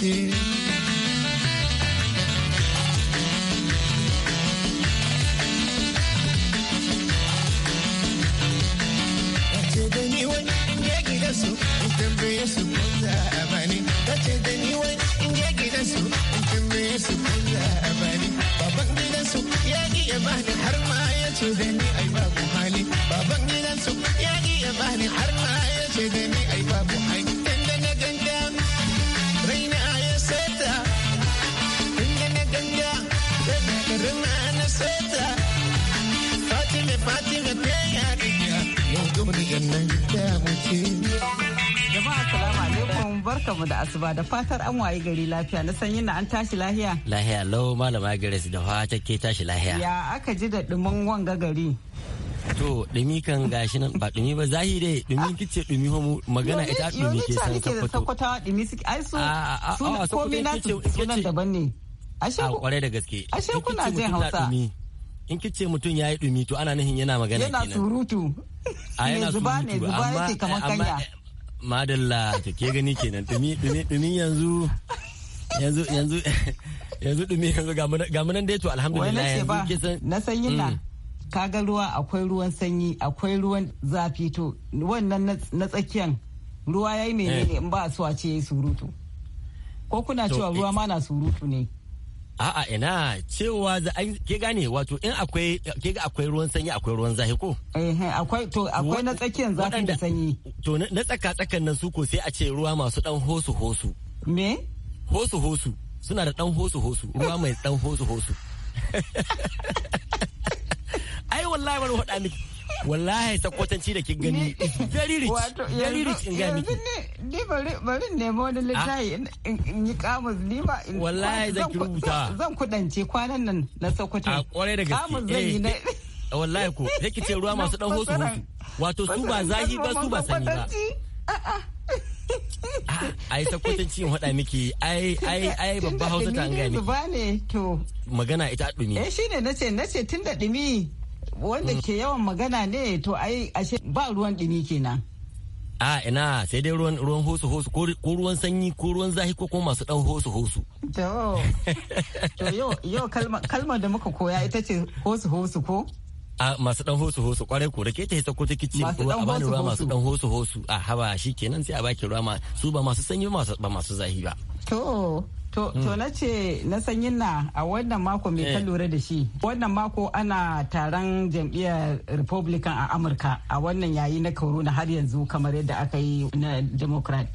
Yeah. ya bani har ma ya ce da ni ai babu hali baban gidansu ya ya bani har ma ya ce da ni ai babu hali barkamu da asuba da fatar an waye gari lafiya na sanyin na an tashi lahiya. Lahiya lau malama Grace da fata ke tashi lahiya. Ya aka ji da dumin wanga gari. To dumi kan gashi nan ba dumi ba zahi dai dumi kice dumi homo magana ita dumi ke san sakwato. Sakwatawa dumi suke ai su komai na sunan daban ne. Ashe kware da gaske. Ashe kuna jin Hausa. In kice mutum ya yi dumi to ana nihin yana magana kenan. Yana surutu. A yana surutu amma madalla ta ke gani kenan dumi dumi dumi yanzu yanzu yanzu yanzu dumi yanzu ga munan dai to alhamdulillah yanzu san na sanyi mm. ka kaga ruwa akwai ruwan sanyi akwai ruwan zafi to wannan na tsakiyan ruwa yayi menene eh. in ba su wace surutu ko kuna cewa eh. ruwa ma na surutu ne a'a ina cewa za ke gane wato in akwai ke ga akwai ruwan sanyi akwai ruwan zafi ko eh akwai to akwai na tsakiyan zafi da sanyi to na tsaka tsakan nan su ko sai a ce ruwa masu dan hosu hosu me hosu hosu suna da dan hosu hosu ruwa mai dan hosu hosu ai wallahi wani hada miki wallahi ta kwatanci da kin gani very rich very rich in ga miki ni bari bari nemo wani littafi in yi kamus ni ba wallahi zan ki rubuta zan kudance kwanan nan na sokoto a kwarai da gaske kamus zan yi eh, na wallahi ko yake ce ruwa masu dan hosu hosu wato su ba zahi ba su ba sani ba ah, ah. ai sakwatanci in faɗa miki ai ai ai babba hausa ta an gani magana ita dumi eh shine nace nace tun da dumi wanda ke yawan magana ne to ai ashe ba ruwan dumi kenan a ina sai dai ruwan ruwan hosu hosu ko ruwan sanyi ko ruwan zahi ko kuma masu dan hosu hosu to yo yo kalma da muka koya ita ce hosu hosu ko a masu dan hosu hosu kwarai ko rake ta hisa ko ta kici ruwa a bani ruwa masu dan hosu hosu a haba shikenan sai a baki ruwa su ba masu sanyi ba masu zahi ba to To, to hmm. na ce na san yinna a wannan mako mai ka eh. lura da shi. Wannan mako ana taron jam'iyyar Republican a Amurka a wannan yayi na corona har yanzu kamar yadda aka yi na Democrat.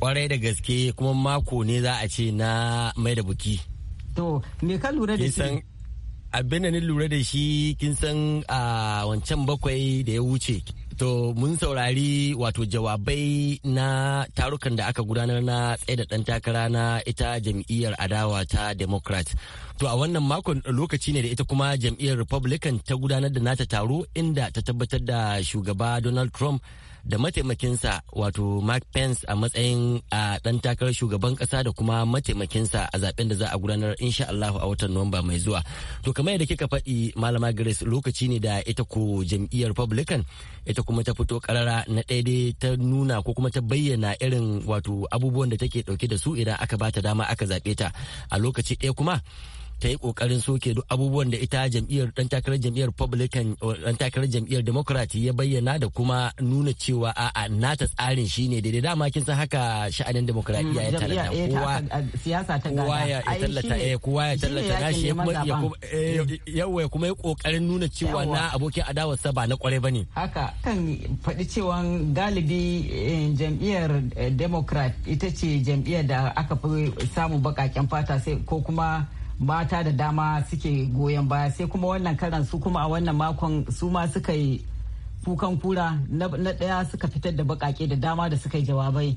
Kwarai da gaske kuma mako ne za a ce na mai da buki. To, me ka lura da shi? Abin da ni lura da shi kin san a ah, wancan bakwai da ya wuce To mun saurari wato jawabai na tarukan da aka gudanar na tsaye da ɗan takara na ita jam'iyyar adawa ta Democrat. To a wannan makon lokaci ne da ita kuma jam'iyyar Republican ta gudanar da nata taro inda ta tabbatar da shugaba Donald Trump da mataimakinsa wato Mark Pence a matsayin a ɗan takarar shugaban ƙasa da kuma mataimakinsa a zaɓen da za a gudanar insha Allah a watan Nuwamba mai zuwa. To kamar yadda kika faɗi Malama Grace lokaci ne da ita ko jam'iyyar Republican ita kuma ta fito karara na daidai ta nuna ko kuma ta bayyana irin wato abubuwan da take ɗauke da su idan aka bata dama aka zaɓe ta a lokaci ɗaya kuma ta yi kokarin soke duk abubuwan da ita jam'iyyar dan takarar jam'iyyar republican dan takarar jam'iyyar democrat ya bayyana da kuma nuna cewa a nata tsarin shine daidai dama kin san haka sha'anin demokradiya ya tallata mm, kowa eh, siyasa ta kowa ya tallata eh kowa ya tallata nashi ya kuma yawa kuma eh, ya kokarin nuna cewa na abokin sa ba na kware bane haka kan faɗi cewa galibi eh, jam'iyyar democrat ita ce jam'iyyar da aka fi samu bakaken fata sai ko kuma mata da dama suke goyon baya sai kuma wannan karan su kuma a wannan makon su ma suka yi kukan kura na ɗaya suka fitar da bakake da dama da suka yi jawabai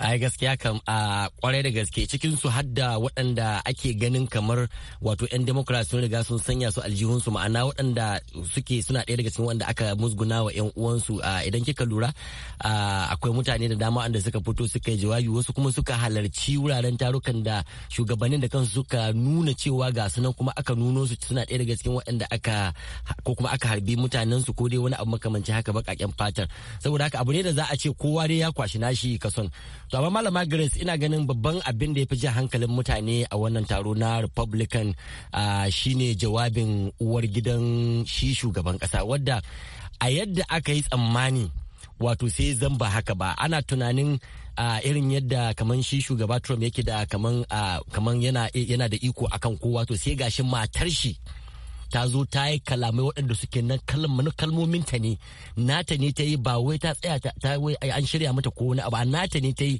ai gaskiya kam a kwarai da gaske cikin su hadda waɗanda ake ganin kamar wato 'yan democrat sun riga sun sanya su aljihunsu ma'ana waɗanda suke suna ɗaya daga cikin wanda aka musguna wa 'yan uwansu idan kika lura akwai mutane da dama wanda suka fito suka yi jawabi wasu kuma suka halarci wuraren tarukan da shugabannin da kansu suka nuna cewa ga su nan kuma aka nuno su suna ɗaya daga cikin waɗanda aka ko kuma aka harbi mutanen su ko dai wani abu makamancin haka baƙaƙen fatar saboda haka abu ne da za a ce kowa dai ya kwashe nashi kason To amma malama Grace ina ganin babban abin da ya fi jan hankalin mutane a wannan taro na Republican shine jawabin uwar gidan shi shugaban kasa wadda a yadda aka yi tsammani wato sai zan ba haka ba ana tunanin a irin yadda kaman shi shugaba Trump yake da kaman yana yana da iko akan kowa to sai gashin matar shi ta zo ta yi kalamai waɗanda suke nan kalmomin ta ne nata ne ta yi ba wai ta tsaya ta wai an shirya mata ko wani abu a nata ne ta yi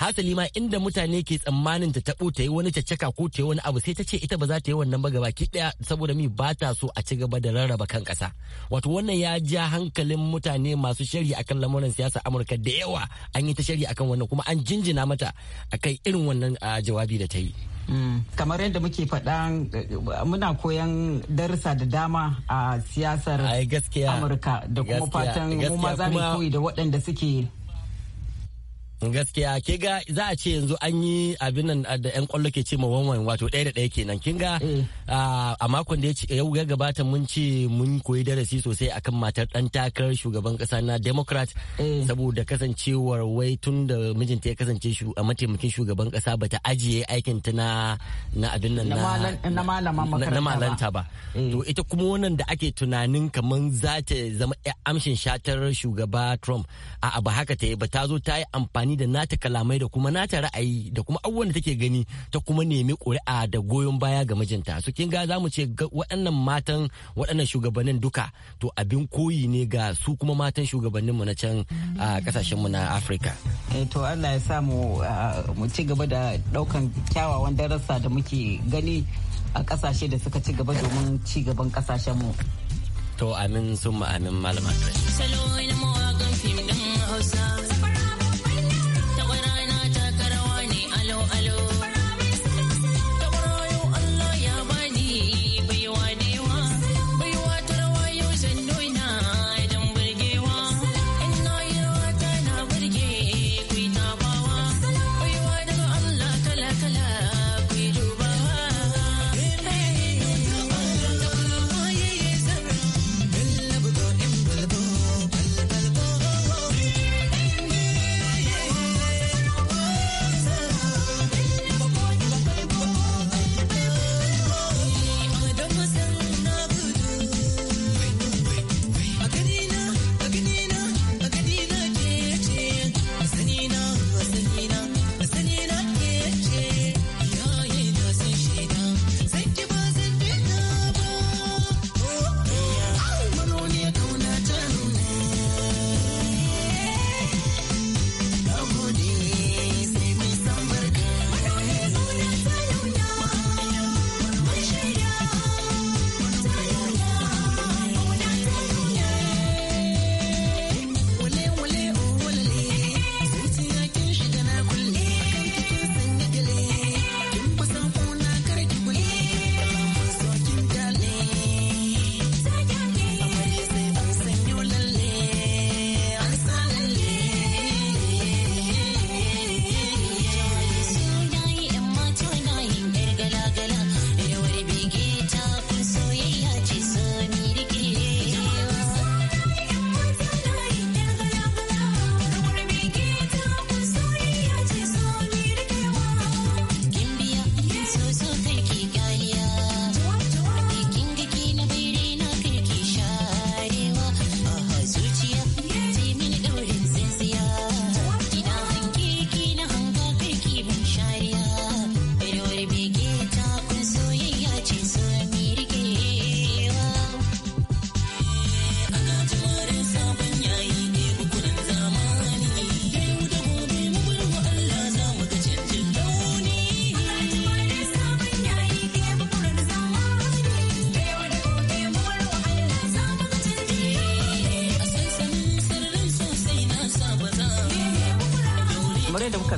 hasali ma inda mutane ke tsammanin ta tabo ta yi wani caccaka ko ta yi wani abu sai ta ce ita ba za ta yi wannan ba gabaki daya saboda mi ba ta so a ci gaba da rarraba kan ƙasa. wato wannan ya ja hankalin mutane masu shari'a akan lamuran siyasa amurka da yawa an yi ta shari'a akan wannan kuma an jinjina mata kai irin wannan jawabi da ta yi kamar yadda muke faɗa muna koyan darussa da dama a siyasar amurka da kuma fatan mu ma za mu koyi da waɗanda suke gaskiya ke ga za a ce yanzu an yi abin nan da yan kwallo ke ce ma wanwan wato ɗaya da ɗaya kenan kin ga eh. a makon da ya ya gabata mun ce mun koyi darasi sosai akan matar dan takarar shugaban kasa na democrat eh. saboda kasancewar wai tun da mijinta ya kasance a mataimakin shugaban kasa ta ajiye aikin ta na abin nan na malanta ba eh. to ita kuma wannan da ake tunanin kamar za ta zama amshin shatar shugaba trump a'a ba haka ta yi ba ta zo ta yi amfani amfani da nata kalamai da kuma nata ra'ayi da kuma abubuwan da take gani ta kuma nemi ƙuri'a da goyon baya ga mijinta su kin ga zamu ce waɗannan matan waɗannan shugabannin duka to abin koyi ne ga su kuma matan shugabannin mu na can a kasashen mu na Afirka eh to Allah ya sa mu ci gaba da daukan kyawawan darasa da muke gani a kasashe da suka ci gaba domin ci gaban kasashen mu to amin sun amin malama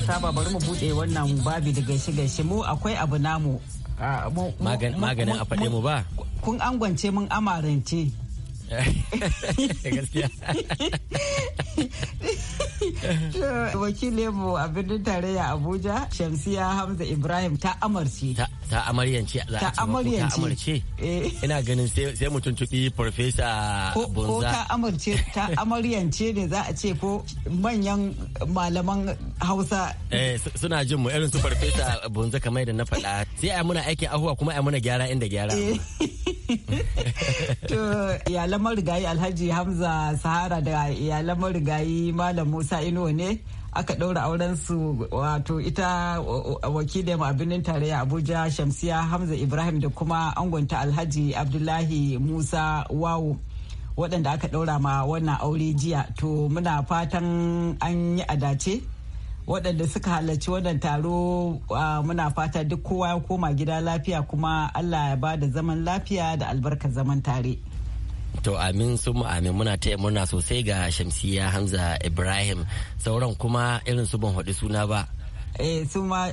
saba bari mu bude wannan babi da gaishe-gaishe mu akwai abu namu. Maganin a faɗe mu ba. Kun angwance mun amarance. gaskiya wakilin mu a birnin tarayya abuja shamsiya hamza ibrahim ta amarce ta ta amaryance ce za a ce ta amarce eh. ina ganin sai mutum tuki profesa bunza ko ta amarce ta amaryance ne za a ce ko manyan malaman hausa eh, suna jin mu irin su farfesa bunza kamar da na faɗa sai a muna aikin ahuwa kuma a muna gyara inda gyara eh. to iyalan marigayi alhaji hamza sahara da iyalan marigayi malam musa inuwa ne aka ɗaura auren su wato ita wakilin a birnin tarayya abuja shamsiya hamza ibrahim da kuma angonta alhaji abdullahi musa wawo waɗanda aka ɗaura ma wannan aure jiya to muna fatan an yi dace waɗanda suka halarci wannan taro muna fata duk kowa ya koma gida lafiya kuma allah ya ba da zaman lafiya da albarkar zaman tare. To amin sun amin muna taya murna sosai ga Shamsiya Hamza Ibrahim sauran kuma irin su ban haɗu suna ba. Eh su ma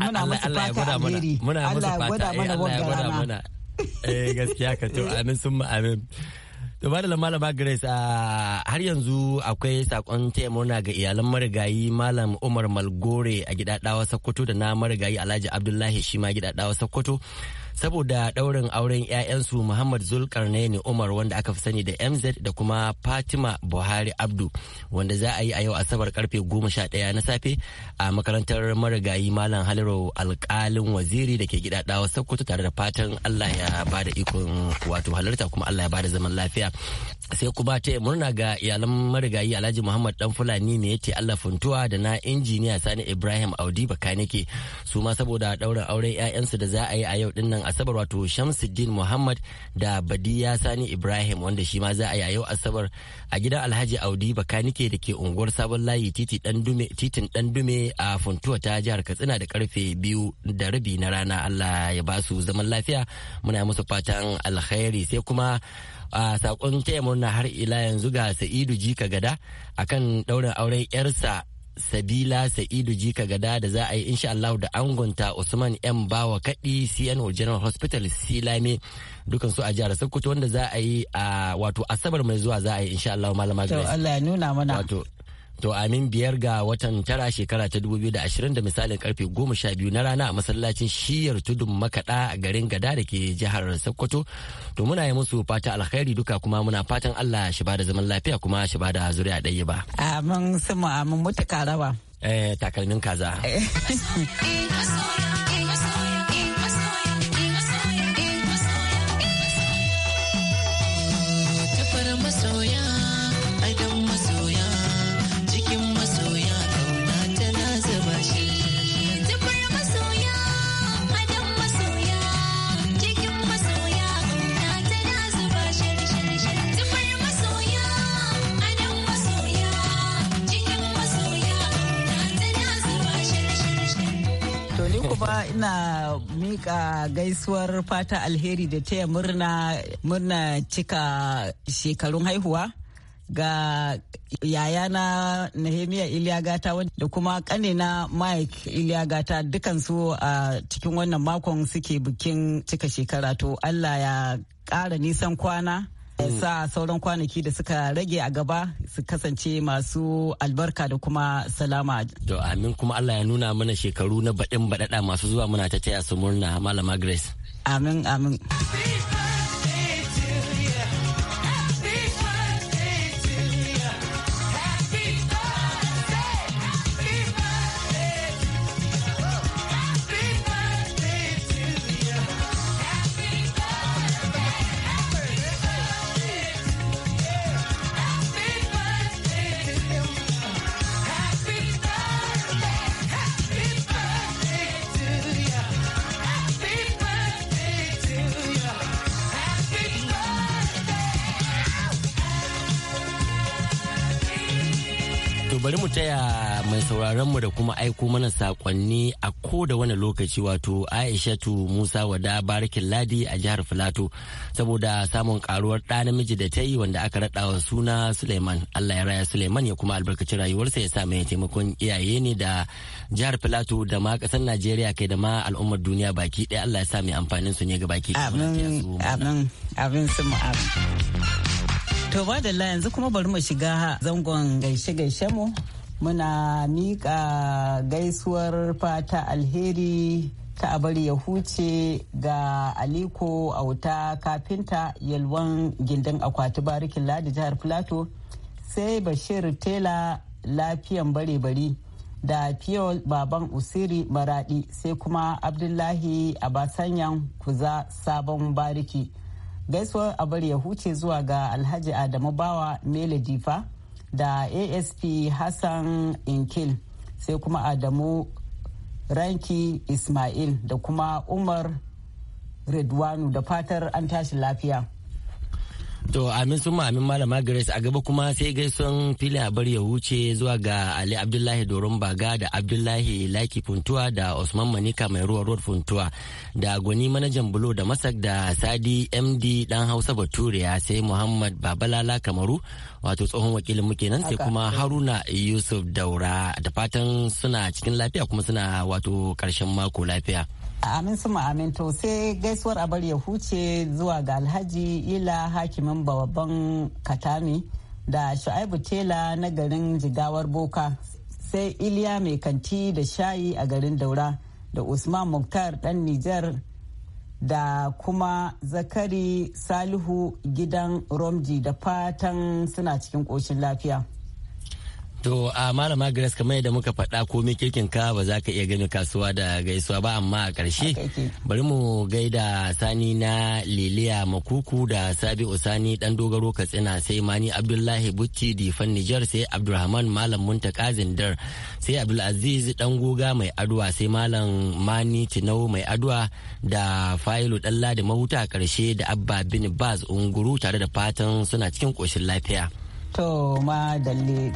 muna musu fata alheri. Muna musu fata eh Allah ya gwada eh, mana. Eh gaskiya ka to amin sun amin. To ba da malama Grace a har yanzu akwai sakon taya murna ga iyalan marigayi Malam Umar Malgore a dawa Sokoto da na marigayi Alhaji Abdullahi shi ma dawa Sokoto. saboda daurin auren 'ya'yansu Muhammad Zulkarnaini Umar wanda aka fi sani da MZ da kuma Fatima Buhari Abdu wanda za a yi a yau Asabar karfe 11 na safe a makarantar marigayi Malam Haliro alkalin waziri da ke gida dawa Sokoto tare da fatan Allah ya bada ikon wato halarta kuma Allah ya bada zaman lafiya sai kuma ta murna ga iyalan marigayi Alhaji Muhammad Dan Fulani ne yace Allah funtuwa da na injiniya Sani Ibrahim Audi Bakanike su ma saboda daurin auren 'ya'yansu da za a yi a yau dinnan asabar wato shamsuddin muhammad da badiya sani ibrahim wanda shi ma za a yi yau asabar a gidan alhaji audi bakanike da ke unguwar sabon layi titin dan dume a funtuwa ta jihar katsina da karfe biyu da rabi na rana allah ya ba su zaman lafiya muna musu fatan alkhairi sai kuma a sakon taya murna har ila yanzu ga sa'idu jika gada akan daurin auren yarsa sabila sa'idu jika gada da za a yi insha Allah da angonta usman yan bawa kaɗi cno general hospital silame dukan su a jihar sokoto wanda za a yi a wato asabar mai zuwa za a yi insha Allah malama to Allah ya nuna mana wato to amin biyar ga watan tara shekara ta 2020 da ashirin misalin karfe goma sha biyu na rana a masallacin shiyar tudun makaɗa a garin gada da ke jihar sokoto to muna yi musu fata alkhairi duka kuma muna fatan allah shi bada zaman lafiya kuma shi bada zuriya ɗaya ba amin sumu amin mutu karawa eh takalmin kaza eh. To ni kuma ina mika gaisuwar fata alheri da taya murna murna cika shekarun haihuwa ga yayana Nehemiya Iliyagata da kuma kanina Mike Iliyagata dukansu a cikin wannan makon suke bikin cika shekara to Allah ya ƙara nisan kwana. sa sauran kwanaki da suka rage a gaba su kasance masu albarka da kuma salama. To amin kuma Allah ya nuna mana shekaru na baɗin baɗaɗa masu zuwa muna ta taya su murna Malama Grace. Amin amin. bari mu taya mai sauraron mu da kuma aiko mana sakonni a ko da wani lokaci wato aishatu musa wada barikin ladi a jihar filato saboda samun karuwar ɗa namiji da ta yi wanda aka raɗa wa suna suleiman allah ya raya suleiman ya kuma albarkaci rayuwarsa ya sa mai taimakon iyaye ne da jihar filato da ma ƙasar najeriya kai da ma al'ummar duniya baki ɗaya allah ya sa mai amfanin su ne ga baki abin abin abin sun mu abin To ba da yanzu kuma bari mu shiga zangon gaishe-gaishe mu muna miƙa gaisuwar fata alheri ta abari ya huce ga aliko auta kafinta yalwan gindin akwati barikin ladi jihar filato sai bashir tela lafiyan bare-bari da fiyol baban usiri maradi sai kuma abdullahi a abasanyan kuza sabon bariki gaisuwar abar ya huce zuwa ga alhaji adamu bawa mele difa da asp hassan inkil sai kuma adamu ranki ismail da kuma umar redwanu da fatar an tashi lafiya To amin sun amin malama Grace a gaba kuma sai sun filin a bar ya wuce zuwa ga Ali Abdullahi Doron Baga da Abdullahi Laki Funtuwa da Usman Manika mai ruwa ruwar Funtuwa da Gwani manajan Bulo da Masak da Sadi MD dan Hausa Baturiya sai Muhammad Babalala Kamaru wato tsohon wakilin muke nan sai kuma Haruna Yusuf Daura da fatan suna cikin lafiya kuma suna wato karshen mako lafiya. Amin su amin sai gaisuwar abar ya huce zuwa ga Alhaji Ila hakimin babban Katami da Shu'aibu Tela na garin Jigawar Boka sai Iliya mai kanti da shayi a garin Daura da Usman Muktar dan Nijar da kuma Zakari Salihu gidan Romji da fatan suna cikin ƙoshin lafiya. To a malama Grace kamar yadda muka faɗa komai kirkin ka ba za ka iya gani kasuwa da gaisuwa ba amma a ƙarshe bari mu gaida sani na Liliya Makuku da Sabi Usani dan dogaro Katsina sai Mani Abdullahi Butti Difan Nijar sai Abdulrahman Malam Muntaka Zindar sai Abdulaziz dan goga mai aduwa sai Malam Mani Tinau mai aduwa da Failu ladi Mahuta a ƙarshe da Abba Bin Baz Unguru tare da fatan suna cikin koshin lafiya. To ma dalle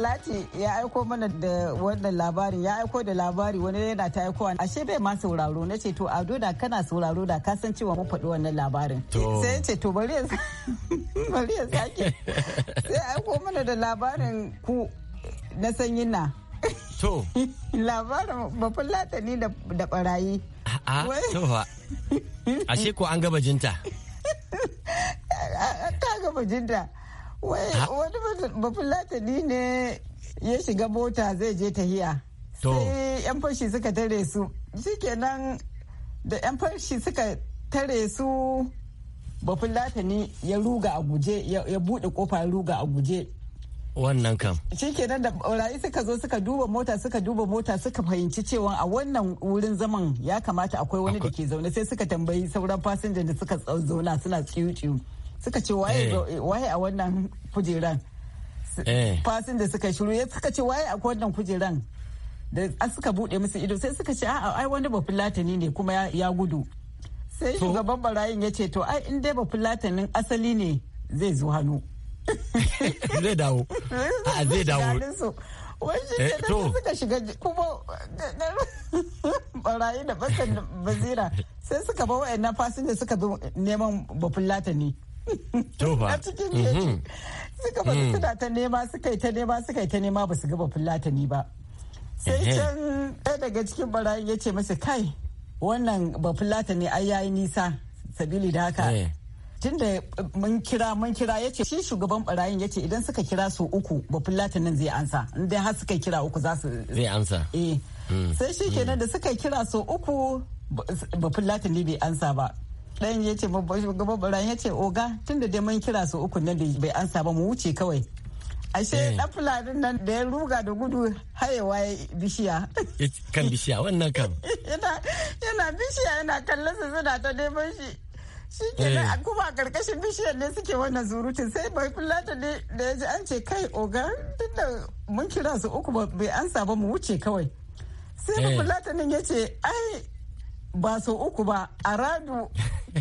talati ya aiko mana da wannan labari ya aiko da labari wani yana ta aikowa ashe bai ma sauraro na ce to ado da kana sauraro da ka san cewa mu faɗi wannan labarin sai ce to bari ya bari ya sake sai aiko mana da labarin ku na sanyin na to labarin babban latani da barayi a to ashe ko an gaba jinta ta gaba jinta wani bafulatani ne ya shiga mota zai je tahiya sai yan fashi suka tare su shikenan da yan fashi suka tare su bafulatani ya ruga a guje ya bude kofa ruga a guje wannan kam shikenan da rayu suka zo suka duba mota suka duba mota suka fahimci cewa a wannan wurin zaman ya kamata akwai wani da ke zaune sai suka tambayi sauran fasinjan da suka zauna suna tsiyu-tsiyu suka ce eh. Eh, waye a wannan kujeran eh. fasin da suka shiru ya suka ce waye a wannan kujeran da suka bude musu ido sai suka ce a'a ai wani bafulatani ne kuma ya gudu sai shugaban barayin ya ce to ai in dai bafulatanin asali ne zai zo hannu zai dawo a zai dawo wajen shi suka shiga kuma barayi da basan bazira sai suka ba fasin fasinja suka zo neman bafulatani a cikin jeji mm-hmm. suka fasa mm. suna ta nema suka yi ta nema suka yi ta nema ba su gaba fulatani ba sai can ɗaya daga cikin barayin ya ce masa kai wannan ba fulatani ai yayi nisa sabili da haka eh. da mun kira mun kira ya ce shi shugaban barayin ya ce idan suka kira su uku ba fulatanin zai ansa idan har suka kira uku za su zai ansa eh mm. sai shi kenan mm. da suka kira su uku ba fulatani bai ansa ba dan ya ce babban ya ce oga tun da dai mun kira su uku nan da bai ansa ba mu wuce kawai ashe dan eh. fulanin nan da ya ruga da gudu hayewa ya bishiya kan bishiya wannan kan yana bishiya yana kallon su suna ta neman shi shi ke a eh. kuma a karkashin bishiyar ne suke wannan zurutun sai bai fulata ne da ya ji an ce kai oga tun da mun kira su uku bai ansa ba mu wuce kawai sai bai eh. fulata nan ya ce ai ba sau uku ba a radu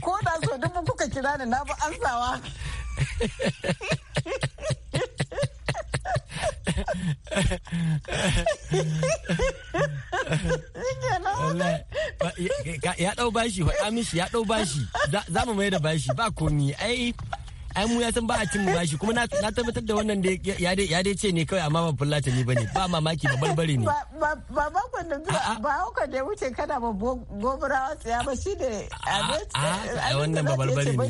ko da so dubu kuka kira ni na bi ansawa ya dau bashi faɗa mishi ya dau bashi za mu mai da bashi ba komi ai ai mu ya san ba a cin mu bashi kuma na tabbatar da wannan da ya dai ce ne kawai amma ba fulata ne bane ba mamaki ba barbare ne ba ba ku da ba hauka da wuce kana ba gobara tsaya ba shi ne a wannan ba barbare ne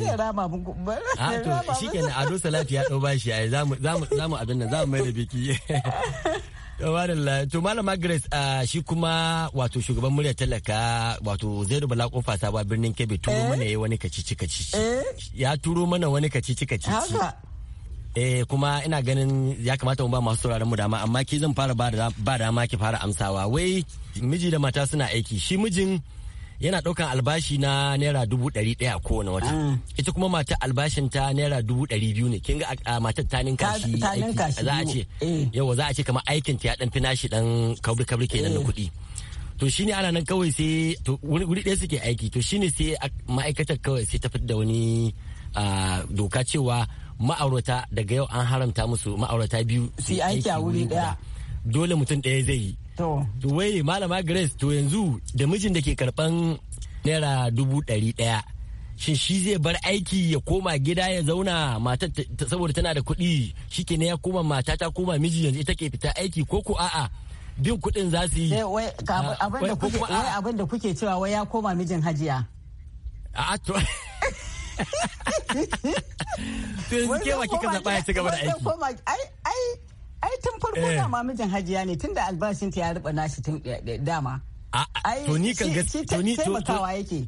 a to shikenan ado salatu ya dau bashi ai za mu za mu abin nan za mu mai da biki To malam Grace shi kuma wato shugaban murya talaka wato zai Bala kofa sabuwa birnin Kebbi turo mana yayi eh? wani kacici kacici. Eh? Ya turo mana wani kacici kacici. Eh kuma ina ganin ya kamata mu ba masu sauraron mu dama amma ki zan fara ba dama ki fara amsawa wai miji da mata suna aiki shi mijin yana ɗaukan albashi na naira dubu ɗari ɗaya kowane wata mm. ita kuma matar albashin ta naira dubu ɗari biyu ne kin ga matar ta ninka shi za a ce eh. yawa za a ce kamar aikin ta ya ɗan fi nashi ɗan kabri kabri kenan da eh. kuɗi to shine ana nan kawai sai to wuri ɗaya suke aiki to shine sai ma'aikatar kawai sai ta fitar da wani doka cewa ma'aurata daga yau an haramta musu ma'aurata biyu su aiki a wuri ɗaya dole mutum ɗaya zai yi To. Wai malama Grace to yanzu da mijin da ke karban naira dubu ɗari ɗaya. Shin shi zai bar aiki ya koma gida ya zauna matar saboda tana da kuɗi shi ne ya koma mata ta koma miji yanzu ita ke fita aiki ko ko a'a bin kuɗin za su yi. Eh, ah, abin da kuke cewa wai ya koma mijin hajiya. A to. To yanzu kewa kika zaba ya ci gaba da aiki. ai tun farko eh. dama mijin hajiya ne tun da ta ya riba nashi tun eh, eh, dama ai to ni kan gaskiya to ni to yake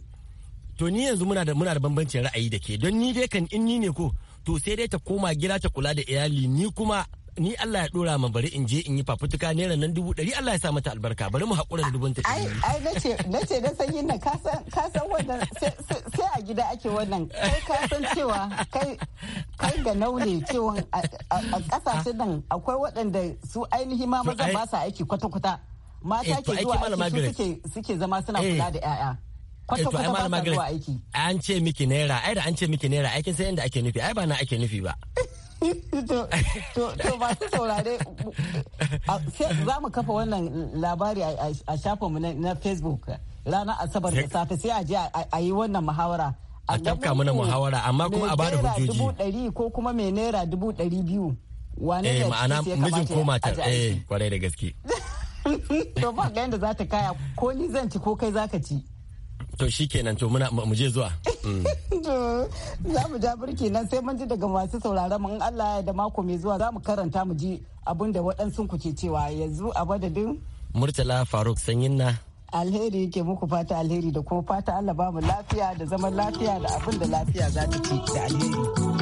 to ni yanzu muna da muna da bambancin ra'ayi da ke don ni dai kan in ni ne ko to sai dai ta koma gida ta kula da iyali ni kuma ni Allah ya dora ma bari in je in yi fafutuka naira nan dubu ɗari Allah ya sa mata albarka bari mu haƙura da dubun ta ai ai nace nace na san yin nan ka san ka san wannan sai a gida ake wannan kai ka san cewa kai ga naune cewa a kasashen nan akwai waɗanda su ainihi ma maza ba sa aiki kwata-kwata mata eh, ke zuwa aiki suke zama suna eh. kula da 'ya'ya. Eh, kwata-kwata ba sa zuwa aiki. An ce miki naira, ai da an ce miki naira, aikin sai inda ake nufi, ai ba na ake nufi ba. To masu saurare, za mu kafa wannan labari a shafinmu na Facebook. ranar asabar da safe sai a je a yi wannan muhawara a tafka mana muhawara amma kuma a bada hujjoji dubu ɗari ko kuma mai naira dubu ɗari biyu wane eh, ne ma'ana mijin ko mata eh kwarai da gaske to ba ga yadda za ta kaya ko ni zan ci ko kai za ka ci to shikenan to muna mu je zuwa mm. za mu ja birki nan sai mun ji daga masu sauraron mu in Allah ya da mako mai zuwa za mu karanta mu ji abin da waɗansu ku ke cewa yanzu a madadin Murtala Faruk Sanyin na alheri yake muku fata alheri da kuma fata Allah ba mu lafiya da zaman lafiya da abin da lafiya za ta ci da alheri.